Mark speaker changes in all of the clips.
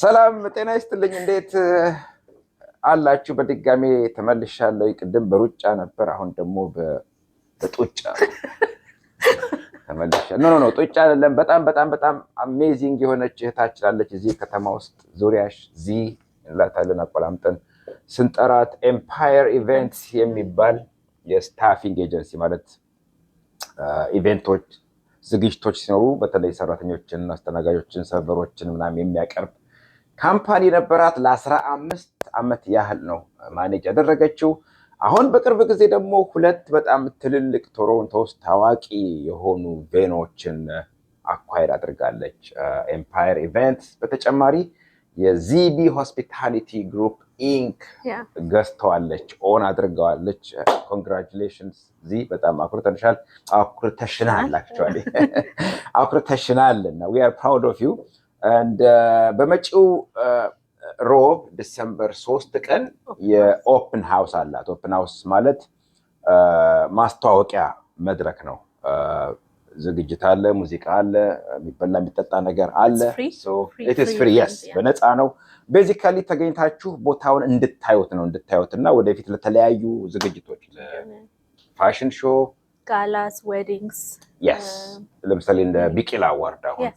Speaker 1: ሰላም ጤና ይስጥልኝ። እንዴት አላችሁ? በድጋሜ ተመልሻለሁ። ቅድም በሩጫ ነበር፣ አሁን ደግሞ በጡጫ ተመልሻለሁ። ኖ ኖ ጡጫ አይደለም። በጣም በጣም በጣም አሜዚንግ የሆነች እህታችን አለች እዚህ ከተማ ውስጥ ዙሪያሽ ዚ እንላታለን አቆላምጠን ስንጠራት ኤምፓየር ኢቨንትስ የሚባል የስታፊንግ ኤጀንሲ ማለት ኢቨንቶች፣ ዝግጅቶች ሲኖሩ በተለይ ሰራተኞችን፣ አስተናጋጆችን፣ ሰርቨሮችን ምናምን የሚያቀርብ ካምፓኒ ነበራት። ለአስራ አምስት ዓመት ያህል ነው ማኔጅ ያደረገችው። አሁን በቅርብ ጊዜ ደግሞ ሁለት በጣም ትልልቅ ቶሮንቶ ውስጥ ታዋቂ የሆኑ ቬኖችን አኳይር አድርጋለች። ኤምፓየር ኢቨንትስ በተጨማሪ የዚቢ ሆስፒታሊቲ ግሩፕ ኢንክ ገዝተዋለች፣ ኦን አድርገዋለች። ኮንግራቹሌሽንስ ዚ በጣም አኩርተንሻል፣ አኩርተሽናል፣ አክቹዋሊ አኩርተሽናል እና ዊ አር ፕራውድ ኦፍ ዩ Uh, በመጪው uh, ሮብ ዲሰምበር ሶስት ቀን የኦፕን ሃውስ አላት። ኦፕን ሃውስ ማለት uh, ማስተዋወቂያ መድረክ ነው። ዝግጅት አለ፣ ሙዚቃ አለ፣ የሚበላ የሚጠጣ ነገር አለ። ኢትስ ፍሪ የስ፣ በነፃ ነው። ቤዚካሊ ተገኝታችሁ ቦታውን እንድታዩት ነው እንድታዩት እና ወደፊት ለተለያዩ ዝግጅቶች ፋሽን ሾ፣
Speaker 2: ጋላስ፣ ዌዲንግስ
Speaker 1: ለምሳሌ እንደ ቢቂላ አዋርድ አሁን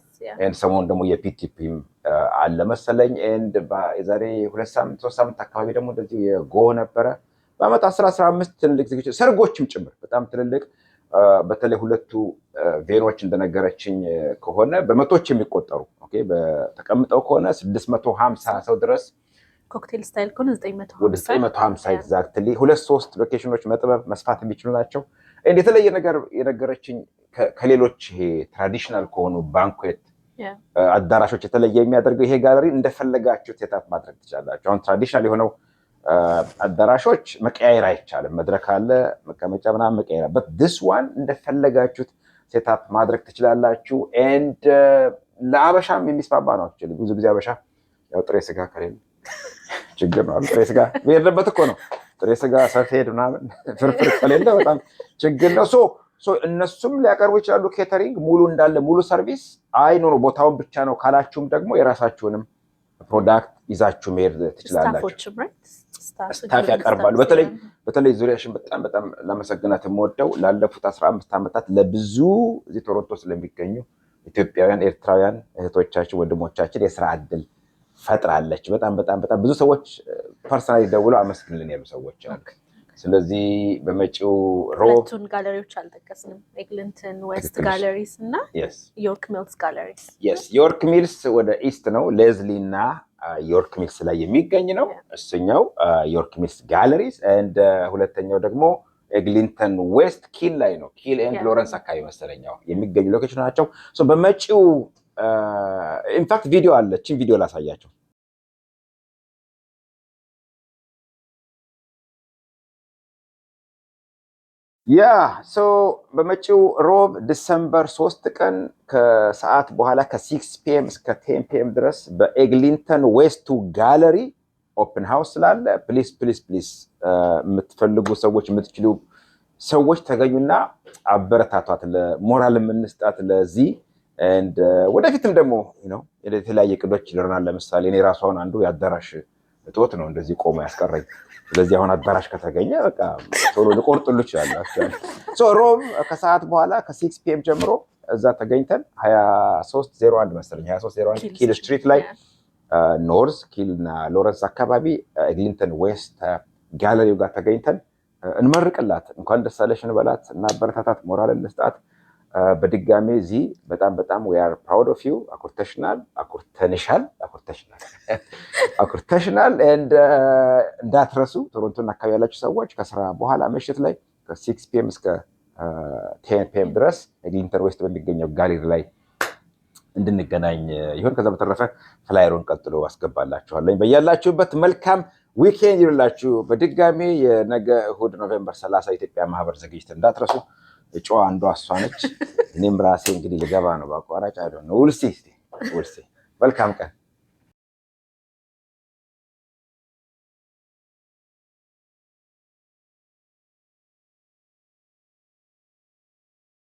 Speaker 1: ሰሞኑን ደግሞ የፒቲፒም uh, አለ መሰለኝ። ኤንድ የዛሬ ሁለት ሳምንት ሶስት ሳምንት አካባቢ ደግሞ እንደዚህ የጎ ነበረ። በአመት አስራ አስራ አምስት ትልልቅ ዝግጅቶች ሰርጎችም ጭምር በጣም ትልልቅ uh, በተለይ ሁለቱ uh, ቬኖች እንደነገረችኝ ከሆነ በመቶች የሚቆጠሩ ተቀምጠው ከሆነ ስድስት መቶ ሀምሳ ሰው ድረስ
Speaker 2: ኮክቴል ስታይል ከሆነ ወደ ዘጠኝ
Speaker 1: መቶ ሀምሳ ኤግዛክትሊ ሁለት ሶስት ሎኬሽኖች መጥበብ መስፋት የሚችሉ ናቸው። የተለየ ነገር የነገረችኝ ከሌሎች ይሄ ትራዲሽናል ከሆኑ ባንኩዌት አዳራሾች የተለየ የሚያደርገው ይሄ ጋለሪ እንደፈለጋችሁ ሴታፕ ማድረግ ትችላላችሁ። አሁን ትራዲሽናል የሆነው አዳራሾች መቀያየር አይቻልም። መድረክ አለ፣ መቀመጫ ምናምን መቀያየር በት ዲስ ዋን እንደፈለጋችሁት ሴታፕ ማድረግ ትችላላችሁ። ኤንድ ለአበሻም የሚስማማ ነው። አክቹዋሊ ብዙ ጊዜ አበሻ ያው ጥሬ ስጋ ከሌለ ችግር ነው። ጥሬ ስጋ የሄድንበት እኮ ነው። ጥሬ ስጋ፣ ሰፌድ ምናምን ፍርፍር ከሌለ በጣም ችግር ነው ሶ እነሱም ሊያቀርቡ ይችላሉ። ኬተሪንግ ሙሉ እንዳለ ሙሉ ሰርቪስ አይ ኖ ቦታውን ብቻ ነው ካላችሁም ደግሞ የራሳችሁንም ፕሮዳክት ይዛችሁ መሄድ
Speaker 2: ትችላላችሁ።
Speaker 1: ስታፍ ያቀርባሉ። በተለይ በተለይ ዙሪያሽን በጣም በጣም ለመሰግናት የምወደው ላለፉት አስራ አምስት ዓመታት ለብዙ እዚህ ቶሮንቶ ስለሚገኙ ኢትዮጵያውያን ኤርትራውያን እህቶቻችን ወንድሞቻችን የስራ እድል ፈጥራለች። በጣም በጣም በጣም ብዙ ሰዎች ፐርሰናል ደውለው አመስግንልን ያሉ ሰዎች አሉ። ስለዚህ በመጪው
Speaker 2: ሮቱን ጋለሪዎች አልጠቀስንም፣ ኤግሊንተን ዌስት ጋለሪስ እና ዮርክ ሚልስ ጋለሪስ።
Speaker 1: ዮርክ ሚልስ ወደ ኢስት ነው፣ ሌዝሊ እና ዮርክ ሚልስ ላይ የሚገኝ ነው እሱኛው ዮርክ ሚልስ ጋለሪስ። እንደ ሁለተኛው ደግሞ ኤግሊንተን ዌስት ኪል ላይ ነው፣ ኪል ኤንድ ሎረንስ አካባቢ መሰለኛው የሚገኙ ሎኬሽን ናቸው። በመጪው ኢንፋክት ቪዲዮ አለችን ቪዲዮ ላሳያቸው። ያ ሶ በመጪው ሮብ ዲሰምበር ሶስት ቀን ከሰዓት በኋላ ከሲክስ ፒኤም እስከ ቴን ፒኤም ድረስ በኤግሊንተን ዌስቱ ጋለሪ ኦፕን ሃውስ ስላለ ፕሊስ ፕሊስ ፕሊስ የምትፈልጉ ሰዎች የምትችሉ ሰዎች ተገኙና አበረታቷት። ለሞራል የምንስጣት ለዚህ ወደፊትም ደግሞ የተለያየ ቅዶች ይኖረናል። ለምሳሌ እኔ ራሷን አንዱ የአዳራሽ እጦት ነው እንደዚህ ቆሞ ያስቀረኝ። ስለዚህ አሁን አዳራሽ ከተገኘ በቃ ቶሎ ልቆርጥሉ ይችላሉ። ሮም ከሰዓት በኋላ ከሲክስ ፒኤም ጀምሮ እዛ ተገኝተን ሀያ ሦስት ዜሮ አንድ መሰለኝ ሀያ ኪል ስትሪት ላይ ኖርዝ ኪል እና ሎረንስ አካባቢ ኤግሊንተን ዌስት ጋለሪው ጋር ተገኝተን እንመርቅላት፣ እንኳን ደሳለሽ እንበላት እና በረታታት ሞራልን እንስጣት። በድጋሚ እዚህ በጣም በጣም ዊ አር ፕራውድ ኦፍ ዩ አኩርተሽናል፣ አኩርተንሻል፣ አኩርተሽናል፣ አኩርተሽናል። እንዳትረሱ ቶሮንቶን አካባቢ ያላችሁ ሰዎች ከስራ በኋላ ምሽት ላይ ከሲክስ ፒኤም እስከ ቴን ፒኤም ድረስ ግሊንተር ዌስት በሚገኘው ጋሌሪ ላይ እንድንገናኝ ይሁን። ከዛ በተረፈ ፍላየሩን ቀጥሎ አስገባላችኋለኝ። በያላችሁበት መልካም ዊኬንድ ይሉላችሁ። በድጋሚ የነገ እሁድ ኖቬምበር 30 ኢትዮጵያ ማህበር ዝግጅት እንዳትረሱ። እጩዋ አንዷ እሷ ነች። እኔም ራሴ እንግዲህ ልገባ ነው በአቋራጭ። አይ ነው ውልሴ ውልሴ። መልካም ቀን